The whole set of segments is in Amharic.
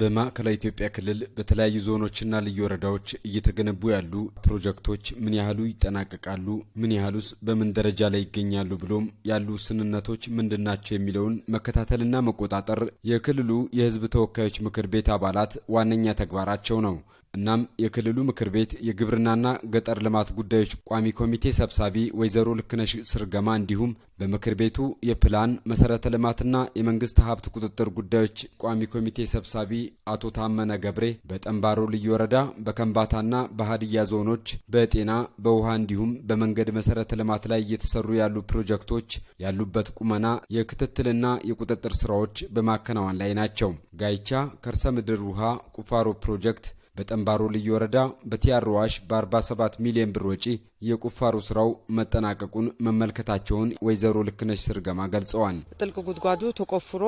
በማዕከላዊ ኢትዮጵያ ክልል በተለያዩ ዞኖችና ልዩ ወረዳዎች እየተገነቡ ያሉ ፕሮጀክቶች ምን ያህሉ ይጠናቀቃሉ? ምን ያህሉስ በምን ደረጃ ላይ ይገኛሉ? ብሎም ያሉ ውስንነቶች ምንድናቸው? የሚለውን መከታተልና መቆጣጠር የክልሉ የሕዝብ ተወካዮች ምክር ቤት አባላት ዋነኛ ተግባራቸው ነው። እናም የክልሉ ምክር ቤት የግብርናና ገጠር ልማት ጉዳዮች ቋሚ ኮሚቴ ሰብሳቢ ወይዘሮ ልክነሽ ስርገማ እንዲሁም በምክር ቤቱ የፕላን መሰረተ ልማትና የመንግስት ሀብት ቁጥጥር ጉዳዮች ቋሚ ኮሚቴ ሰብሳቢ አቶ ታመነ ገብሬ በጠንባሮ ልዩ ወረዳ በከንባታና በሀዲያ ዞኖች በጤና በውሃ እንዲሁም በመንገድ መሰረተ ልማት ላይ እየተሰሩ ያሉ ፕሮጀክቶች ያሉበት ቁመና የክትትልና የቁጥጥር ስራዎች በማከናወን ላይ ናቸው። ጋይቻ ከርሰ ምድር ውሃ ቁፋሮ ፕሮጀክት በጠንባሮ ልዩ ወረዳ በቲያሮዋሽ በ47 ሚሊዮን ብር ወጪ የቁፋሩ ስራው መጠናቀቁን መመልከታቸውን ወይዘሮ ልክነሽ ስርገማ ገልጸዋል። ጥልቅ ጉድጓዱ ተቆፍሮ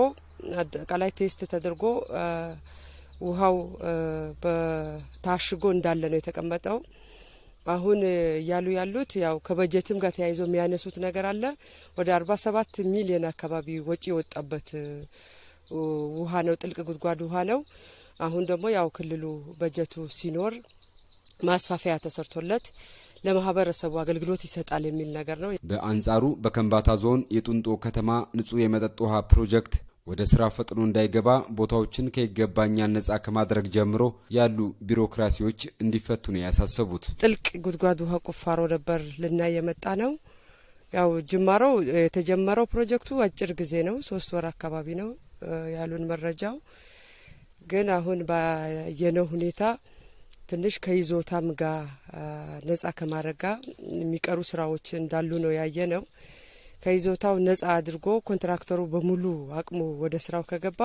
አጠቃላይ ቴስት ተደርጎ ውሃው በታሽጎ እንዳለ ነው የተቀመጠው። አሁን እያሉ ያሉት ያው ከበጀትም ጋር ተያይዞ የሚያነሱት ነገር አለ። ወደ 47 ሚሊዮን አካባቢ ወጪ የወጣበት ውሃ ነው። ጥልቅ ጉድጓድ ውሃ ነው። አሁን ደግሞ ያው ክልሉ በጀቱ ሲኖር ማስፋፊያ ተሰርቶለት ለማህበረሰቡ አገልግሎት ይሰጣል የሚል ነገር ነው። በአንጻሩ በከንባታ ዞን የጡንጦ ከተማ ንጹህ የመጠጥ ውሃ ፕሮጀክት ወደ ስራ ፈጥኖ እንዳይገባ ቦታዎችን ከይገባኛል ነጻ ከማድረግ ጀምሮ ያሉ ቢሮክራሲዎች እንዲፈቱ ነው ያሳሰቡት። ጥልቅ ጉድጓድ ውሃ ቁፋሮ ነበር ልናይ የመጣ ነው። ያው ጅማሮው የተጀመረው ፕሮጀክቱ አጭር ጊዜ ነው፣ ሶስት ወር አካባቢ ነው ያሉን መረጃው ግን አሁን ባየነው ሁኔታ ትንሽ ከይዞታም ጋር ነጻ ከማድረግ ጋር የሚቀሩ ስራዎች እንዳሉ ነው ያየ ነው። ከይዞታው ነጻ አድርጎ ኮንትራክተሩ በሙሉ አቅሙ ወደ ስራው ከገባ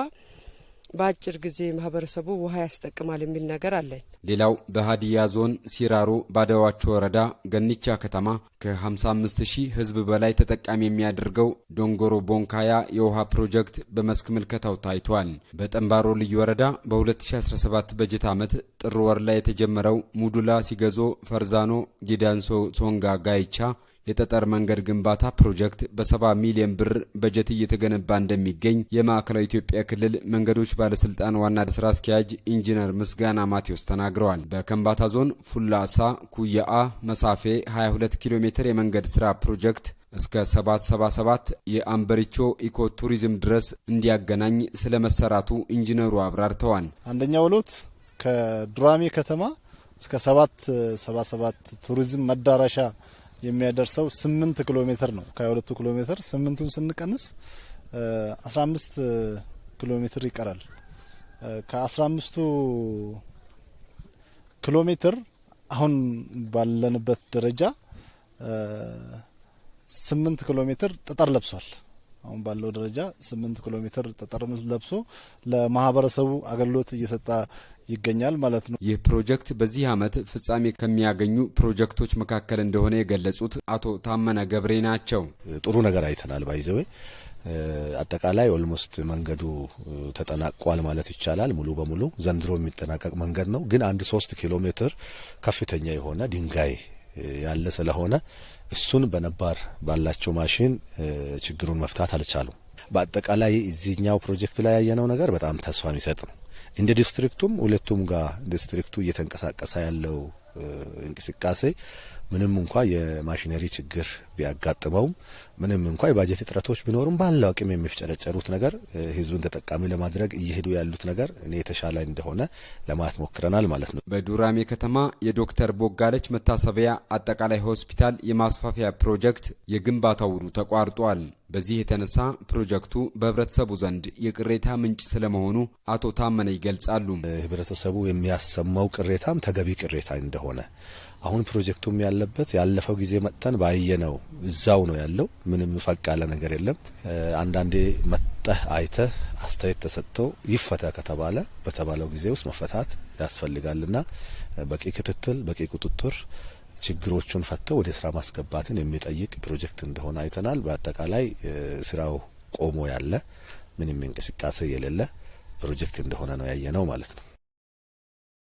በአጭር ጊዜ ማህበረሰቡ ውሃ ያስጠቅማል የሚል ነገር አለኝ። ሌላው በሀዲያ ዞን ሲራሮ ባደዋቾ ወረዳ ገኒቻ ከተማ ከ55 ሺህ ህዝብ በላይ ተጠቃሚ የሚያደርገው ዶንጎሮ ቦንካያ የውሃ ፕሮጀክት በመስክ ምልከታው ታይቷል። በጠንባሮ ልዩ ወረዳ በ2017 በጀት ዓመት ጥር ወር ላይ የተጀመረው ሙዱላ ሲገዞ፣ ፈርዛኖ፣ ጊዳንሶ፣ ሶንጋ፣ ጋይቻ የጠጠር መንገድ ግንባታ ፕሮጀክት በሰባ ሚሊዮን ብር በጀት እየተገነባ እንደሚገኝ የማዕከላዊ ኢትዮጵያ ክልል መንገዶች ባለስልጣን ዋና ስራ አስኪያጅ ኢንጂነር ምስጋና ማቴዎስ ተናግረዋል። በከምባታ ዞን ፉላሳ ኩያአ መሳፌ 22 ኪሎ ሜትር የመንገድ ስራ ፕሮጀክት እስከ 777 የአምበሪቾ ኢኮ ቱሪዝም ድረስ እንዲያገናኝ ስለ መሰራቱ ኢንጂነሩ አብራርተዋል። አንደኛው ሎት ከዱራሜ ከተማ እስከ 777 ቱሪዝም መዳረሻ የሚያደርሰው 8 ኪሎ ሜትር ነው። ከ22 ኪሎ ሜትር 8ቱን ስንቀንስ 15 ኪሎ ሜትር ይቀራል። ከ15ቱ ኪሎ ሜትር አሁን ባለንበት ደረጃ 8 ኪሎ ሜትር ጠጠር ለብሷል። አሁን ባለው ደረጃ ስምንት ኪሎ ሜትር ጠጠርም ለብሶ ለማህበረሰቡ አገልግሎት እየሰጠ ይገኛል ማለት ነው። ይህ ፕሮጀክት በዚህ ዓመት ፍጻሜ ከሚያገኙ ፕሮጀክቶች መካከል እንደሆነ የገለጹት አቶ ታመነ ገብሬ ናቸው። ጥሩ ነገር አይተናል። ባይዘዌ አጠቃላይ ኦልሞስት መንገዱ ተጠናቋል ማለት ይቻላል። ሙሉ በሙሉ ዘንድሮ የሚጠናቀቅ መንገድ ነው። ግን አንድ ሶስት ኪሎ ሜትር ከፍተኛ የሆነ ድንጋይ ያለ ስለሆነ እሱን በነባር ባላቸው ማሽን ችግሩን መፍታት አልቻሉም። በአጠቃላይ እዚህኛው ፕሮጀክት ላይ ያየነው ነገር በጣም ተስፋ የሚሰጥ ነው። እንደ ዲስትሪክቱም ሁለቱም ጋር ዲስትሪክቱ እየተንቀሳቀሰ ያለው እንቅስቃሴ ምንም እንኳ የማሽነሪ ችግር ቢያጋጥመውም፣ ምንም እንኳ የባጀት እጥረቶች ቢኖሩም ባለው አቅም የሚፍጨረጨሩት ነገር ህዝቡን ተጠቃሚ ለማድረግ እየሄዱ ያሉት ነገር እኔ የተሻለ እንደሆነ ለማለት ሞክረናል ማለት ነው። በዱራሜ ከተማ የዶክተር ቦጋለች መታሰቢያ አጠቃላይ ሆስፒታል የማስፋፊያ ፕሮጀክት የግንባታ ውሉ ተቋርጧል። በዚህ የተነሳ ፕሮጀክቱ በህብረተሰቡ ዘንድ የቅሬታ ምንጭ ስለመሆኑ አቶ ታመነ ይገልጻሉ። ህብረተሰቡ የሚያሰማው ቅሬታም ተገቢ ቅሬታ እንደሆነ አሁን ፕሮጀክቱም ያለበት ያለፈው ጊዜ መጥተን ባየነው እዛው ነው ያለው። ምንም ፈቅ ያለ ነገር የለም። አንዳንዴ መጠህ አይተህ አስተያየት ተሰጥቶ ይፈታ ከተባለ በተባለው ጊዜ ውስጥ መፈታት ያስፈልጋልና በቂ ክትትል፣ በቂ ቁጥጥር ችግሮቹን ፈቶ ወደ ስራ ማስገባትን የሚጠይቅ ፕሮጀክት እንደሆነ አይተናል። በአጠቃላይ ስራው ቆሞ ያለ ምንም እንቅስቃሴ የሌለ ፕሮጀክት እንደሆነ ነው ያየነው ማለት ነው።